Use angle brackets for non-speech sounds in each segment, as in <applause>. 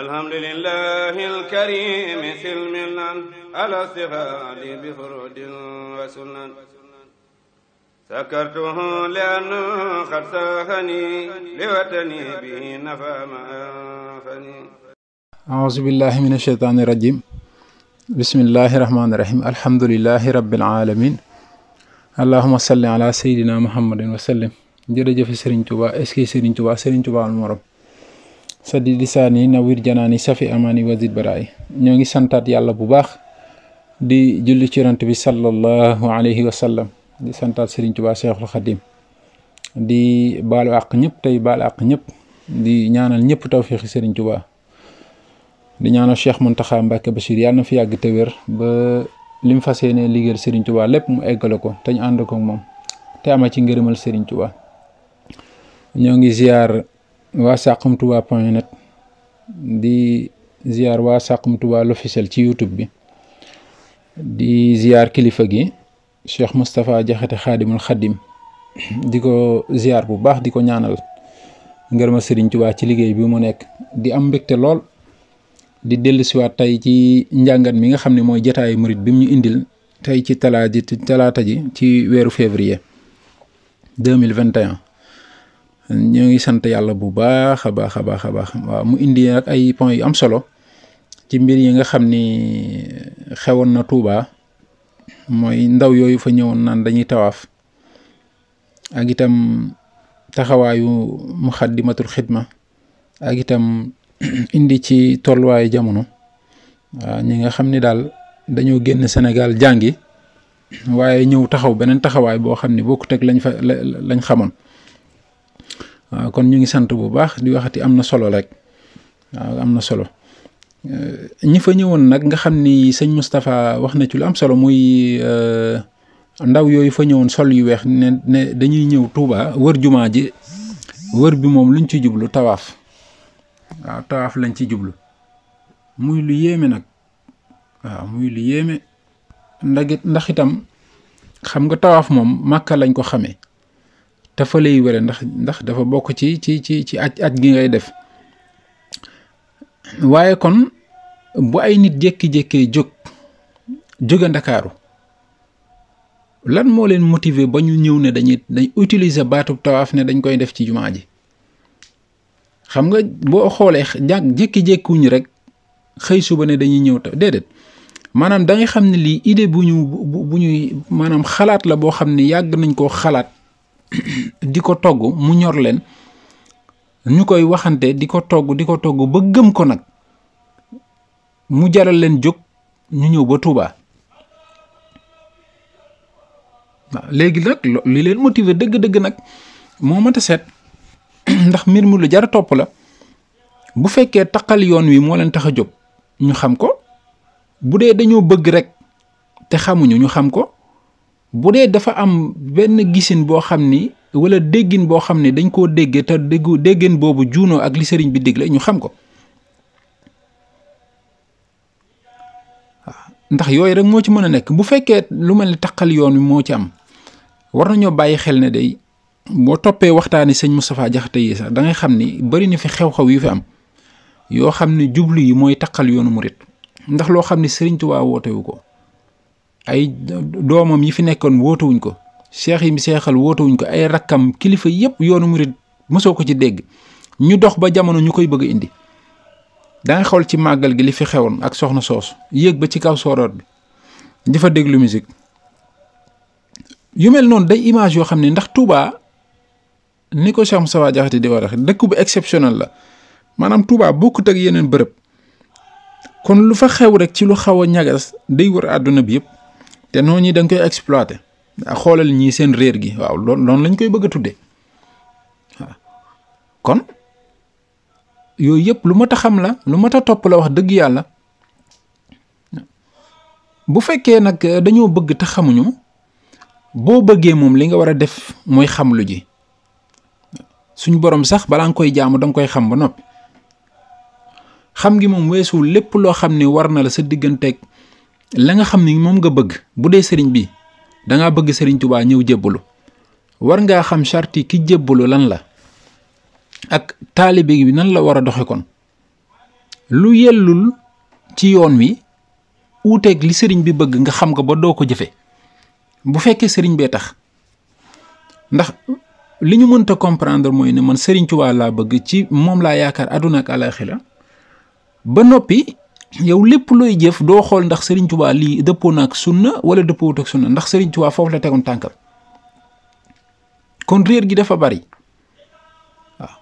alhamdulilah alkarim silmilan alastifaad bi furud wa sunan sakartuhu lianna qad saxani li watani bihi nafa ma anfani aouzu billahi min asheytaani rajim bismillahi rahmaani rahim alhamdulilahi rabbil alamin allahuma salli ala seydina muhammadin wa sallim jërëjëf Sëriñ Tuubaa est-ce que Sëriñ Tuubaa Sëriñ Tuubaa al morom sa di lisaani nawir janaani safi amaani wazid baraay ñoo ngi santaat yàlla bu baax di julli ci yonent bi sallallahu alayhi wa sallam di santaat Sëriñ Seexul Xadim di baalu àq ñëpp tey baalu àq ñëpp di ñaanal ñëpp taw Sëriñ Tuubaa di ñaanal Cheikh Mountakha Mbacké Bachir yàlla na fi yàgg te ba li mu fas yéenee liggéeyal Serigne Touba lépp mu eggale ko te ñu ànd ko moom te ama ci ngërëmal Serigne ñoo ngi ziar waa Saxum Touba point net di ziar waa Saxum Touba l'officiel ci YouTube bi di ziar kilifa gi Cheikh Moustapha Jaxate xaadimul xaddim di ko ziar bu baax di ko ñaanal ngërëma Sëriñ Touba ci liggéey bi mu nekk di am mbégte lool di dellusiwaat tey ci njàngat mi nga xam ne mooy jataayu murit bi mu indil tey ci talaata ji talaata ji ci weeru février 2021 ñoo ngi sant yàlla bu baax a baax a baax a baax waaw mu indi nag ay points yu am solo ci mbir yi nga xam ni xewoon na Touba mooy ndaw yooyu fa ñëwoon naan dañuy tawaaf ak itam taxawaayu muxaddimatul xidma ak itam <clears throat> indi ci tolluwaayu jamono waaw ñi nga xam ni daal dañoo génn Sénégal jàngi waaye ñëw taxaw beneen taxawaay boo xam ni bokkut ak lañ fa lañ xamoon waaw kon ñu ngi sant bu baax di waxati am na solo rek waaw am na solo eh, ñi fa ñëwoon nag nga xam ni sëñ Moustapha wax na ci lu am solo muy eh, ndaw yooyu fa ñëwoon sol yu weex ne ne dañuy ñëw tuubaa wër jumaa ji wër bi moom luñ ci jublu tawaaf waaw tawaaf lañ ci jublu muy lu yéeme nag waaw muy lu yéeme ndax ndax itam xam nga tawaaf moom màkka lañ ko xamee dafa lay wére ndax ndax dafa bokk ci ci ci ci at aj gi ngay def waaye kon bu ay nit jékki-jékkee jóg jóge ndakaaru lan moo leen motiver ba ñu ñëw ne dañuy dañ utiliser baatub tawaaf ne dañ koy def ci jumaa ji xam nga boo xoolee jàkk jékki-jékkuñu rek xëy suba ne dañuy ñëw ta déedéet maanaam da nga xam ne lii idée bu ñu bu ñuy maanaam xalaat la boo xam ne yàgg nañ koo xalaat di ko togg mu ñor leen ñu koy waxante di ko togg di ko togg ba gëm ko nag mu jaral leen jóg ñu ñëw ba Touba waaw léegi nag li leen motiver dëgg-dëgg nag moo mat a seet <clears throat> ndax mbir mu lu jar a topp la bu fekkee taqal yoon wi moo leen tax a jóg ñu xam ko bu dee dañoo bëgg rek te xamuñu ñu xam ko bu dee dafa am benn gisin boo xam ni wala déggin boo xam ne dañ koo dégge te déggu déggin boobu juunoo ak li sëriñ bi dégle ñu xam ko ndax yooyu rek moo ci mën a nekk bu fekkee lu mel ni taqal yoon wi moo ci am war nañoo bàyyi xel ne day boo toppee waxtaani sëñ Moustapha Jaxate yi sax da xam ni bari na fi xew-xew yu fi am yoo xam ne jublu yi mooy taqal yoonu murit ndax loo xam ne sëriñ Tuubaa wootewu ko ay doomam yi fi nekkoon wóotawuñ ko seex yi mu seexal wóotawuñ ko ay rakkam kilifa yëpp yoonu murit mosoo ko ci dégg ñu dox ba jamono ñu koy bëgg a indi danga xool ci màggal gi li fi xewoon ak soxna soosu yéeg ba ci kaw sooroor bi di fa déglu musique yu mel noonu day image yoo xam ne ndax Touba ni ko Cheikh Moustapha Diakhaté di war a dëkk bu exceptionnel la maanaam tubaa bokkut ak yeneen bërëb kon lu fa xew rek ci lu xaw a ñagas day wër àdduna bi yëpp te noonu ñi da nga koy exploité xoolal ñii seen réer gi waaw loolu lañ koy bëgg a tudde kon yooyu yëpp lu mat a xam la lu mat a topp la wax dëgg yàlla bu fekkee nag eh, dañoo bëgg te xamuñu boo bëggee moom li nga war a def mooy xam lu ji suñu boroom sax balaa nga koy jaamu danga koy xam ba noppi xam ngi moom weesuwul lépp loo xam ne war na la sa digganteeg la nga xam ni moom nga bëgg bu dee sëriñ bi dangaa bëgg sëriñ tubaa ñëw jébbalu war ngaa xam charti ki jébbalu lan la ak taalibe bi nan la war a doxe kon lu yellul ci yoon wi uuteeg li sëriñ bi bëgg nga xam ko ba doo ko jëfe bu fekkee sëriñ bee tax ndax li ñu mënta comprendre mooy ne man sëriñ tubaa laa bëgg ci moom laa yaakaar àdduna ak àlaaxira ba noppi yow lépp looy jëf doo xool ndax Serigne Touba lii dëppoo na ak sunna wala dëppoowut ak sunna ndax Serigne Touba foofu la tegoon tànkam kon réer gi dafa bari waaw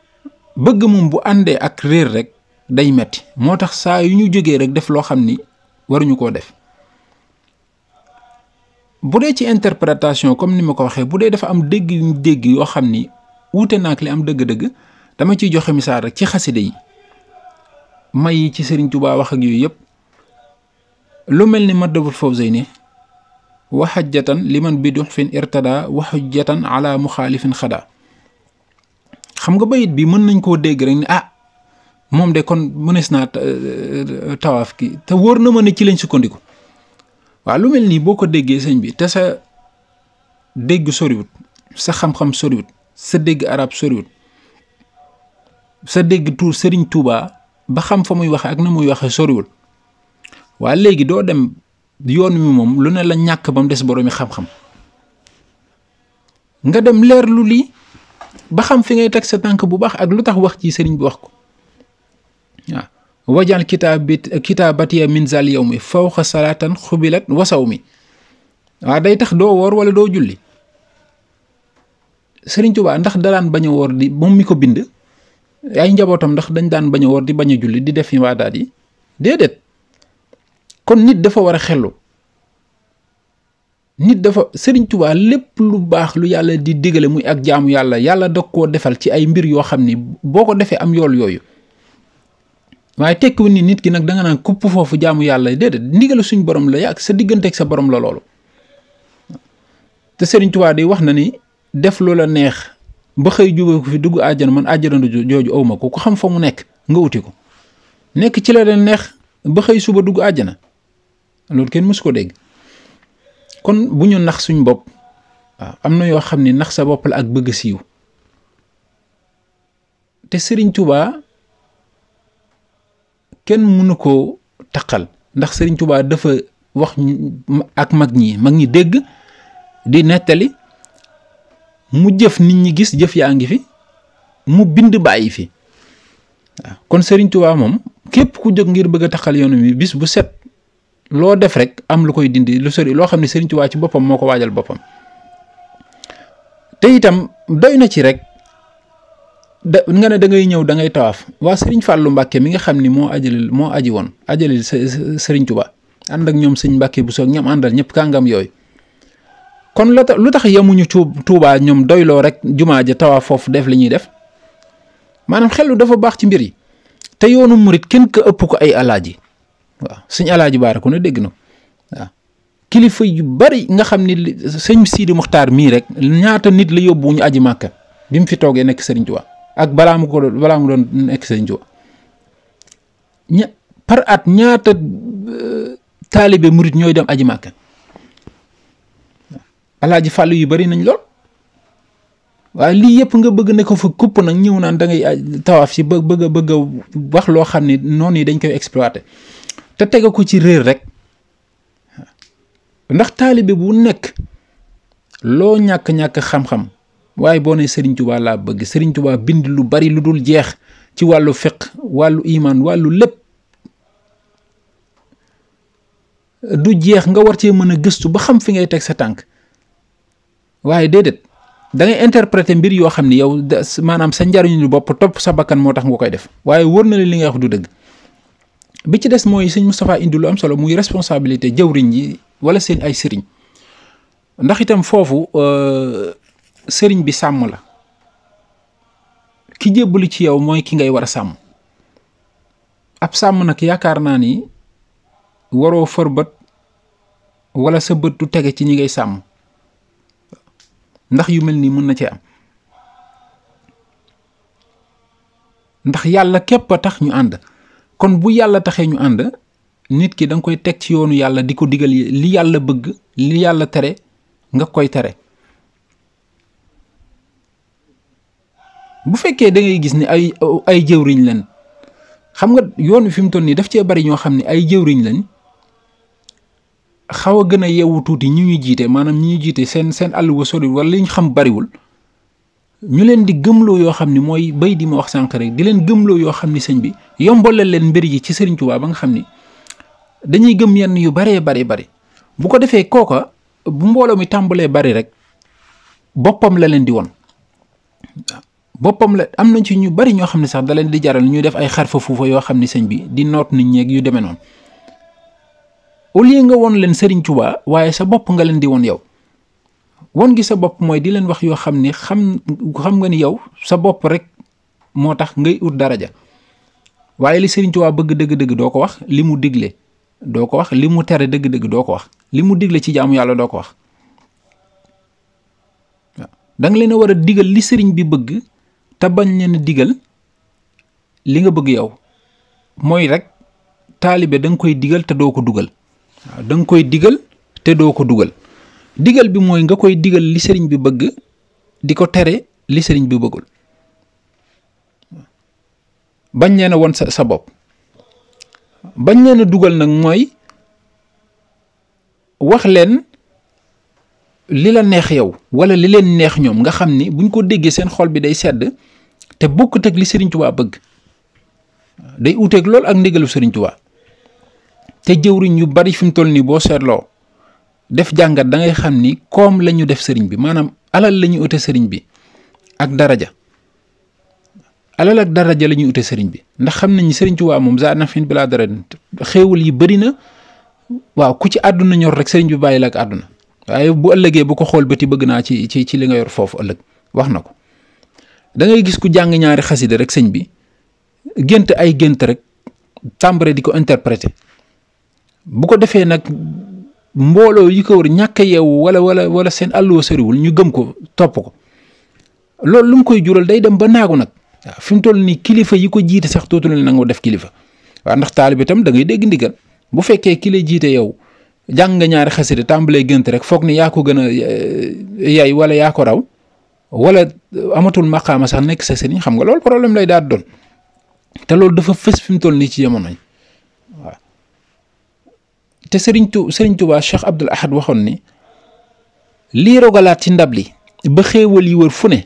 bëgg moom bu àndee ak réer rek day metti moo tax saa yu ñu jógee rek def loo xam ni waruñu koo def bu dee ci interprétation comme ni ma ko waxee bu dee dafa am dégg yu dégg yoo xam ni wuute na ak li am dëgg-dëgg dama ciy joxe misaal rek ci xaside yi. may yi ci Serigne Touba wax ak yooyu yëpp lu mel ni Matlabul Fawzayni wa xajjatan liman bi duxfin irtada wa jatan ala muxaalifin xada xam nga bayit bi mën nañ koo dégg rek ni ah moom de kon mënees naa euh, tawaaf ki te wóor na ma ne ci lañ sukkandiku waaw lu mel nii boo ko déggee sëñ bi te sa dégg soriwut sa xam-xam soriwut sa dégg arab soriwut sa dégg tuur Sëriñ Tuubaa ba xam fa muy waxe ak na muy waxe soriwul waa léegi doo dem yoon wi moom lu ne la ñàkk ba mu des boroomi xam-xam nga dem leerlu lii ba xam fi ngay teg sa tànk bu baax ak lu tax wax ci sëriñ bi wax ko waaw wajal kitaab kitaabatiya min zal yow mi fawqa salaatan xubilat wasaw mi waaw day tax doo woor wala doo julli sëriñ Tuubaa ndax dalaan bañ a woor di moom mi ko bind ay njabootam ndax dañ daan bañ a woor di bañ a julli di def yi waadaat yi déedéet kon nit dafa war a xellu nit dafa Sëriñ Tuubaa lépp lu baax lu yàlla di digale muy ak jaamu yàlla yàlla da koo defal ci ay mbir yoo xam ni boo ko defee am yool yooyu waaye tekkiwul ni nit ki nag danga nga naan kupp foofu jaamu yàlla déedéet ndigal suñ borom la yàgg sa diggante ak sa borom la loolu te Sëriñ Tuubaa di wax na ni def lu la neex ba xëy jubal ko fi dugg àjjana man àjjana jooju awma ko ku xam fa mu nekk nga wuti ko nekk ci la leen neex ba xëy suba dugg àjjana loolu kenn mësu ko dégg kon bu ñu nax suñ bopp waaw am na yoo xam ne nax sa boppal ak bëgg siiw te sëriñ tubaa kenn mënu koo taqal ndax sëriñ tubaa dafa wax ak mag ñi mag ñi dégg di nettali mu jëf nit ñi gis jëf yaa ngi fi mu bind bàyyi fi waaw kon sëriñ Touba moom képp ku jóg ngir bëgg a taxal yoonu mi bis bu set loo def rek am lu koy dindi lu sori loo xam ne Serigne Touba ci boppam moo ko waajal boppam te itam doy na ci rek da nga ne da ngay ñëw da ngay tawaaf waa Serigne fàllu Mbacke mi nga xam ni moo ajalil moo aji woon ajalil Serigne Touba ànd ak ñoom sëñ Mbacke bu soog ñam àndal ñëpp kàngam yooyu kon la lu tax yemuñu Tuubaa ñoom doyloo rek jumaa ja tawaa foofu def li ñuy def maanaam xel dafa baax ci mbir yi te yoonu murit kenn ko ëpp ko ay alaaji waaw suñ alaaji baara ko ne dégg na waaw kilifa yu bari nga xam ni sëñ Sidi Muxtaar mii rek ñaata nit la yóbbu ñu aji màkka bi mu fi toogee nekk Sëriñ Tuubaa ak balaa mu ko balaa mu doon nekk Sëriñ Tuubaa ña par at ñaata euh, taalibe murit ñooy dem aji màkka alaaji fàll yu bari nañ lool waaye lii yëpp nga bëgg ne ko fa kupp nag ñëw naan da ngay ah, tawaaf si ba bëgg a wax loo xam ne noonu yi dañ koy exploité te tega ko ci réer rek ndax taalibe bu nekk loo ñàkk-ñàkk xam-xam waaye boo ne Serigne Touba laa bëgg Serigne Touba bind lu bari lu dul jeex ci wàllu fiq wàllu imaan wàllu lépp du jeex nga war cee mën a gëstu ba xam fi ngay teg sa tànk waaye déedéet da ngay interpréter mbir yoo xam ni yow maanaam sa njariñu bopp topp sa bakkan moo tax nga koy def waaye wóor na li nga wax du dëgg bi ci des mooy sëñ Moustapha indi lu am solo muy responsabilité jëwriñ yi wala seen ay sëriñ ndax itam foofu euh, sëriñ bi sàmm la ki jébbalu ci yow mooy ki ngay war a sàmm ab sàmm nag yaakaar naa ni waroo fër bët wala sa bët du tege ci ñi ngay sàmm. ndax yu mel nii mën na cee am ndax yàlla képp a tax ñu ànd kon bu yàlla taxee ñu ànd nit ki danga koy teg ci yoonu yàlla di ko digal li yàlla bëgg li yàlla tere nga koy tere bu fekkee dangay gis ni ay ay jëwriñ lañ xam nga yoon wi fi mu toll nii daf cee bari ñoo xam ne ay jëwriñ lañ xaw a gën a yeewu tuuti ñu ñu jiite maanaam ñi ñu jiite seen seen àll wa sori wala li ñu xam bariwul ñu leen di gëmloo yoo xam ni mooy bay di ma wax sànq rek di leen gëmloo yoo xam ni sëñ bi yombalal leen mbir yi ci Sëriñ Tuubaa ba nga xam ni dañuy gëm yenn yu baree bari bari bu ko defee kooka bu mbooloo mi tàmbalee bari rek boppam la leen di woon boppam la am nañ ci ñu bari ñoo xam ne sax da leen di jaral ñuy def ay xarfa fuufa yoo xam ni sëñ bi di noot nit ñeeg yu demee noonu au lieu nga won leen Serigne Touba waaye sa bopp nga leen di won yow won gi sa bopp mooy di leen wax yoo xam ni xam xam nga ni yow sa bopp rek moo tax ngay ut daraja waaye li Serigne Touba bëgg dëgg-dëgg doo ko wax li mu digle doo ko wax li mu tere dëgg-dëgg doo ko wax li mu digle ci jaamu yàlla doo ko wax danga leen a war a digal li sëriñ bi bëgg te bañ leen digal li nga bëgg yow mooy rek taalibe da nga koy digal te doo ko dugal. danga koy digal te doo ko dugal digal bi mooy nga koy digal li sëriñ bi bëgg di ko tere li sëriñ bi bëggul bañ leen a won sa sa bopp bañ leen a dugal nag mooy wax leen li la neex yow wala li leen neex ñoom nga xam ni buñ ko déggee seen xol bi day sedd te bokkut ak li Serigne Touba bëgg day uuteeg lool ak ndigalu Serigne Touba te jëwriñ yu bari fi mu toll nii boo seetloo def jàngat da ngay xam ni koom lañu def sëriñ bi maanaam alal la ute sëriñ bi ak daraja alal ak daraja la ñuy ute sëriñ bi ndax xam nañu sëriñ waa moom zaa bi laa dara xéewal yi bari na waaw ku ci àdduna ñor rek sëriñ bi bàyyi la ak àdduna waaye bu ëllëgee bu ko xool ba bëti bëgg naa ci ci ci li nga yor foofu ëllëg wax na ko da ngay gis ku jàng ñaari xasida rek sëñ bi gént ay gént rek tàmbare di ko interpréter bu ko defee nag mbooloo yi ko wër ñàkk yeewu wala wala wala seen àlluwa soriwul ñu gëm ko topp ko loolu lu mu koy jural day dem ba naagu nag waaw fi mu toll nii kilifa yi ko jiite sax dootu leen nangoo def kilifa waaw ndax taalibe itam da ngay dégg ndigal bu fekkee ki la jiite yow jàng nga ñaari xasida tàmbalee gënt rek foog ni yaa ko gën a eh, yay wala yaa ko raw wala amatul maqaama sax nekk sa sëriñ xam nga loolu problème lay daal doon te loolu dafa fës fi mu toll nii ci jamono te sëriñ tu sëriñ Tuubaa Cheikh Abdul Ahad waxoon ni lii rogalaat ci ndab li ba xéewal yi wër fu ne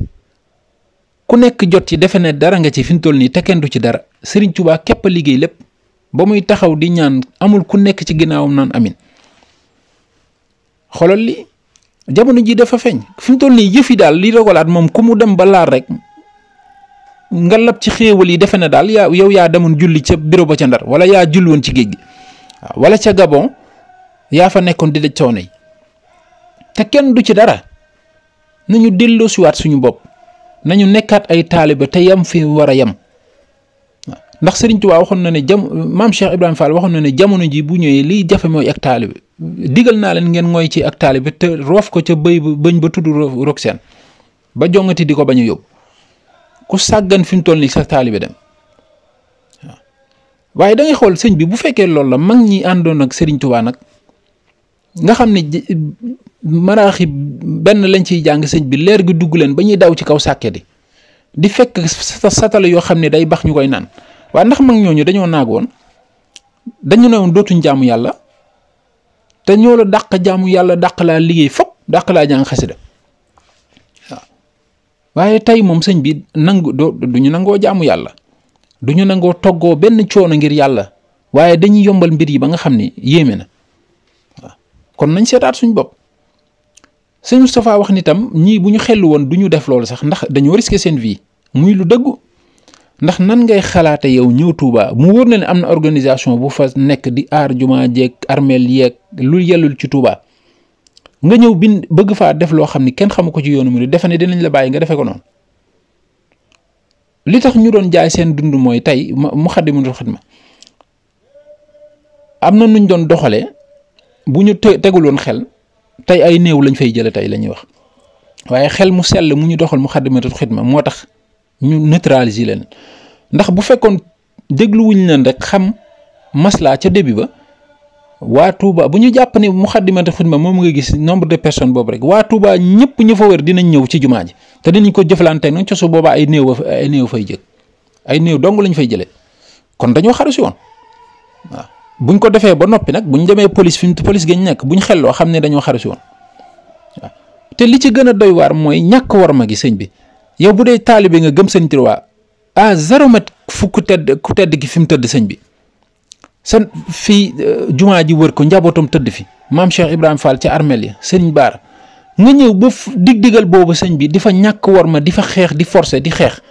ku nekk jot ci defe ne dara nga ci fi toll nii te kenn du ci dara sëriñ Tuubaa képp a liggéey lépp ba muy taxaw di ñaan amul ku nekk ci ginnaaw ginnaawam naan amin xolal li jamono ji dafa feeñ fi mu toll nii yëf yi daal lii rogalaat moom ku mu dem ba laal rek nga lab ci xéewal yi defe ne daal yaa yow yaa demoon julli ca bureau ba ca ndar wala yaa julli woon ci géej gi waaw wala ca Gabon yaa fa nekkoon di daj coono yi te kenn du ci dara nañu delloosiwaat suñu bopp nañu nekkaat ay taaliba te yam fi war a yem ndax sëriñ Serigne waa waxoon na ne jam maam Cheikh Ibrahima Fall waxoon na ne jamono ji bu ñëwee liy jafe mooy ak taaliba digal naa leen ngeen mooy ci ak taaliba te roof ko ca bëy bëñ ba tudd roog seen ba jongati di ko bañu a yóbbu ku sàggan fi mu toll nii sa taaliba dem waaye da xool sëñ bi bu fekkee loolu la mag ñi àndoon ak Serigne Touba nag nga xam ne maraaxi benn lañ ciy jàng sëñ bi leer gi dugg leen ba ñuy daw ci kaw sàkket yi di fekk satala yoo xam ne day bax ñu koy naan waaye ndax mag ñooñu dañoo naag woon dañu ne woon dootuñ jaamu yàlla te ñoo la dàq jaamu yàlla dàq laa liggéey fop dàq laa jàng xasida waaye tey moom sëñ bi nangu doo duñu nangoo jaamu yàlla du ñu nangoo toggoo benn coono ngir yàlla waaye dañu yombal mbir yi ba nga xam ni yéeme na kon nañ seetaat suñ bopp sëñ Moustapha wax ni tam ñii bu ñu xellu woon du ñu def loolu sax ndax dañoo risqué seen vie muy lu dëggu ndax nan ngay xalaate yow ñëw tuubaa mu wóor na ne am na organisation bu fa nekk di aar jumaa jeeg armeel yeeg lu yellul ci tuubaa nga ñëw bin bëgg faa def loo xam ni kenn xamu ko ci yoonu mu defe ne dinañ la bàyyi nga defe ko li tax ñu doon jaay seen dund mooy tey Moukhaddamatoul Khidma am na nuñ doon doxalee bu ñu tegul woon xel tey ay néew lañ fay jëlee tey la ñuy wax waaye xel mu sell mu ñu doxal Moukhaddamatoul Khidma moo tax ñu neutraliser leen ndax bu fekkoon dégluwuñu leen rek xam maslaa ca début ba. waa Touba bu ñu jàpp ne Moukhaddamatoul ma moom nga gis nombre de personnes boobu rek waa Touba ñëpp ñu fa wër dinañ ñëw ci jumaa ji te dinañ ko jëflanteeg nag ci su boobaa ay néew ay néew fay jëg ay néew dong lañ fay jëlee kon dañoo xaru woon woon bu buñ ko defee ba noppi nag bu ñu demee police fi mu police gañ nekk buñ loo xam ne dañoo xaru woon waaw te li ci gën a doy waar mooy ñàkk war ma gi sëñ bi yow bu dee taalibe nga gëm sëñ Tuubaa à zéro mètre fu ku fi mu tëdd sëñ bi. seen fii euh, jumaa ji wër ko njabootam tëdd fi maam Cheikh Ibrahima Fall ci armel ya sëriñ baar nga ñëw ba dig-digal boobu sëñ bi di fa ñàkk war ma di fa xeex di forcer di xeex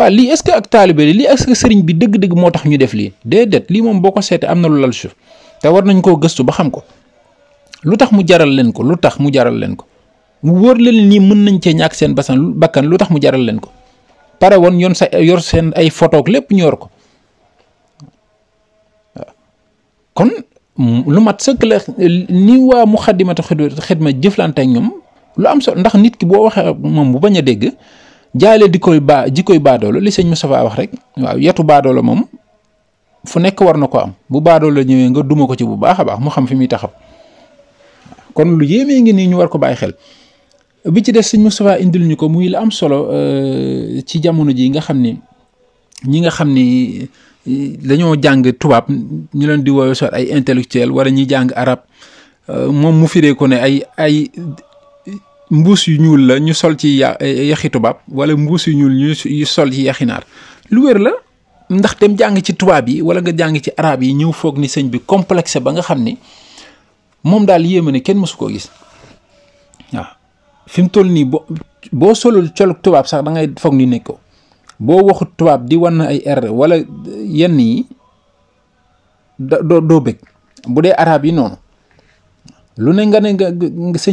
waaw lii est-ce que ak taalibe li lii est-ce que sëriñ bi dëgg-dëgg moo tax ñu def lii déedéet lii moom boo ko seetee am na lu lal suuf te war nañ koo gëstu ba xam ko lu tax mu jaral leen ko lu tax mu jaral leen ko wóor leen nii mën nañ cee ñàkk seen basan bakkan lu tax mu jaral leen ko pare woon yoon sa yor seen ay photo lépp ñor ko kon lu mat sëkk la ni waa mu xaddimata xidma jëflante ak ñoom lu am solo ndax nit ki boo waxee moom bu bañ a dégg jaale di koy baa ji koy baadoolo li sëñ Moustapha wax rek waaw yetu baadoolo moom fu nekk war na ko am bu baadoolo ñëwee nga duma ko ci bu baax a baax mu xam fi muy taxaw kon lu yéemee ngi nii ñu war ko bàyyi xel bi ci des sëñ Moustapha indil ñu ko muy la am solo euh, ci jamono ji nga xam ni ñi nga xam ni dañoo jàng tubaab ñu leen di woowee soit ay intellectuel wala ñi jàng arab euh, moom mu firee ko ne ay ay mbuus yu ñuul la ñu sol ci yaxi tubaab wala mbuus yu ñuul ñu sol ci yaxi naar lu wér la ndax dem jàng ci tubaab yi wala nga jàng ci arab yi ñëw foog ni sëñ bi complexe ba nga xam ni moom daal yéema ne kenn mësu koo gis waaw fi mu toll nii boo boo solul colug tubaab sax da ngay foog ni nekk ko boo waxut tubaab di wan ay r wala yenn yi doo doo bëgg bu dee araab yi noonu lu ne nga ne nga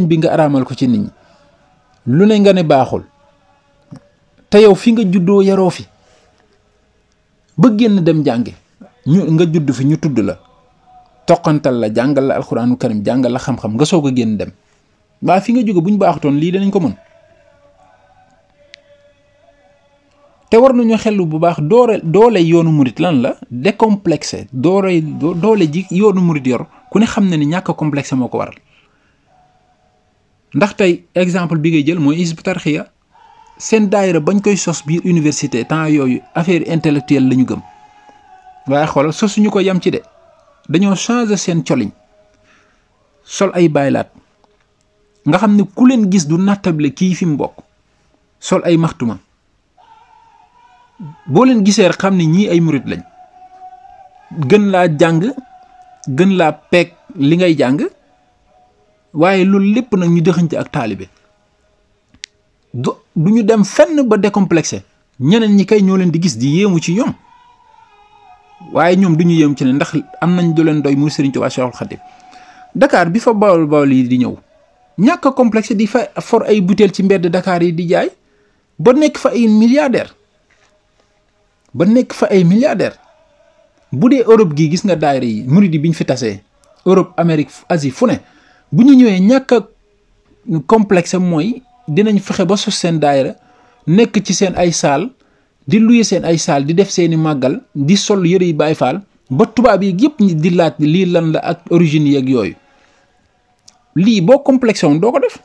bi nga araamal ko ci nit ñi lu ne nga ne baaxul te yow fi nga juddoo yaroo fi ba génn dem jàngi ñu nga judd fi ñu tudd la toqantal la jàngal la alxuraanu karim jàngal la xam-xam nga soog a génn dem waa fi nga jóge bu ñu baaxutoon lii danañ ko mën te war nañu xellu bu baax doole doole yoonu murit lan la décomplexé doole doole ji yoonu murit yor ku ne xam na ni ñàkk complexé moo ko waral ndax tey exemple bi ngay jël mooy Hizbut seen daayira bañ koy sos biir université temps yooyu affaire intellectuelle la ñu gëm waaye xoolal suñu ko yam ci de dañoo changer seen coliñ sol ay baylaat nga xam ne ku leen gis du nattable kii fi mu bokk sol ay maxtuma boo leen gisee xam ne ñii ay murit lañ gën laa jàng gën laa peeg li ngay jàng waaye loolu lépp nag ñu dëxante ak taalibe du du ñu dem fenn ba décomplexé ñeneen ñi kay ñoo leen di gis di yéemu ci ñoom waaye ñoom du ñu yéem ci ne ndax am nañ du leen doy muy Serigne Touba Cheikhul Khadim Dakar bi fa bawol bawol yi di ñëw ñàkk a complexe di fa for ay butéel ci mbedd dakaar yi di jaay ba nekk fa ay milliardaire ba nekk fa ay milliardaire bu dee Europe gi gis nga daayira yi murid bi ñu fi tasee Europe Amérique asi fu ne bu ñu ñëwee ñàkk a complexe mooy dinañ fexe ba sos seen daayira nekk ci seen ay saal di luye seen ay saal di def seeni màggal di sol yëre yi Baay Faal ba tubaab yi yëpp di laaj lii lan la ak origine yeeg yooyu lii boo complexe doo ko def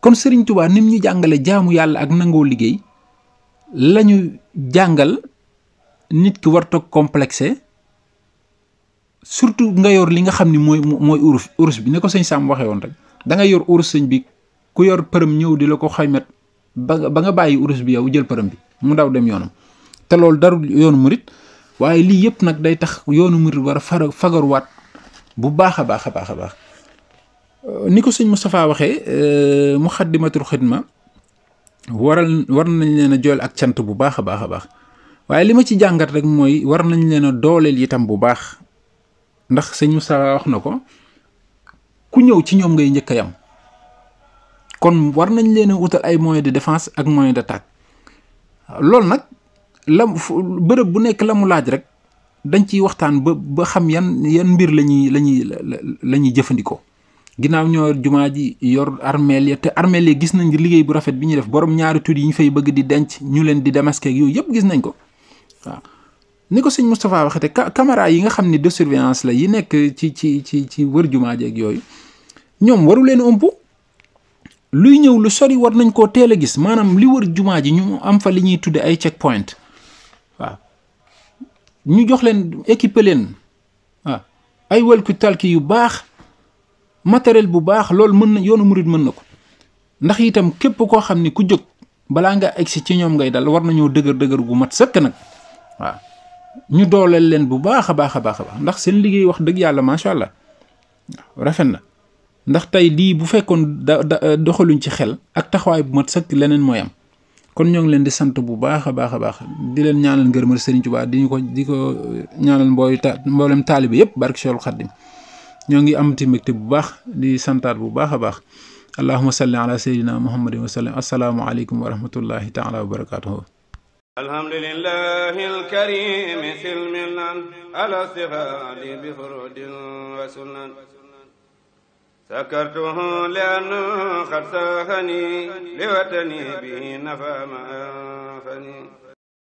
kon Serigne Touba nim ñu jàngale jaamu yàlla ak nangoo liggéey lañu jàngal nit ki warta complexé surtout nga yor li nga xam ni mooy mooy urus urus bi ne ko sëñ Sam waxee woon rek da nga yor urus sëñ bi ku yor përëm ñëw di la ko xaymat ba ba nga bàyyi urus bi yow jël përëm bi mu daw dem yoonam te loolu darul yoonu murit waaye lii yëpp nag day tax yoonu murit war a fara fagaruwaat bu baax a baax a baax a baax ni ko sëñ Moustapha waxee euh, Muxaddamatul Xidma waral war nañ leen a jool ak cant bu baax a baax a baax waaye li ma ci jàngat rek mooy war nañ leen a dooleel itam bu baax ndax sëñ sa wax na ko ku ñëw ci ñoom ngay njëkk a yam kon war nañ leen a utal ay moyen de défense ak de d'attaque loolu nag la bërëb bu nekk la mu laaj rek dañ ciy waxtaan ba ba xam yan yan mbir lañuy lañuy la ñuy jëfandikoo ginnaaw ñoo jumaa ji yor armeel ya te armeel ya gis nañ liggéey bu rafet bi ñuy def borom ñaari tur yi ñu fay bëgg di denc ñu leen di démasqué ak yooyu yëpp gis nañ ko waaw ni ko sëñ Moustapha waxete caméra yi nga xam ne de surveillance la yi nekk ci ci ci ci wër jumaa ji ak yooyu ñoom waru leen ëmp luy ñëw lu sori war nañ koo teel a gis maanaam li wër jumaa ji ñu am fa li ñuy tuddee ay check point ñu jox leen équiper leen waaw ay walkie-talkie yu baax matériel bu baax loolu mën na yoonu murit mën na ko ndax itam képp koo xam ni ku jóg balaa nga egsi ci ñoom ngay dal war nañoo dëgër dëgër gu mat sëkk nag waaw ñu dooleel leen bu baax a baax a baax a baax ndax seen liggéey wax dëgg yàlla macha allah rafet na ndax tey lii bu fekkoon da da doxaluñ ci xel ak taxawaay bu mat sëkk leneen mooy am kon ñoo ngi leen di sant bu baax a baax a baax di leen ñaanal ngërëmal Serigne Touba di ñu ko di ko ñaanal mbooy ta mboolem taalibe yëpp barke Cheikhul Khadim ñoo ngi amati mbégte bu baax di santaat bu baax a baax allahuma salli ala sayyidina muhammadin wa sallim assalaamu aleykum wa rahmatullahi taala alkarim silmilan ala sihadi bi furudin wa sunan سكرته لأنه قد ساخني لوطني به نفى ما أنفني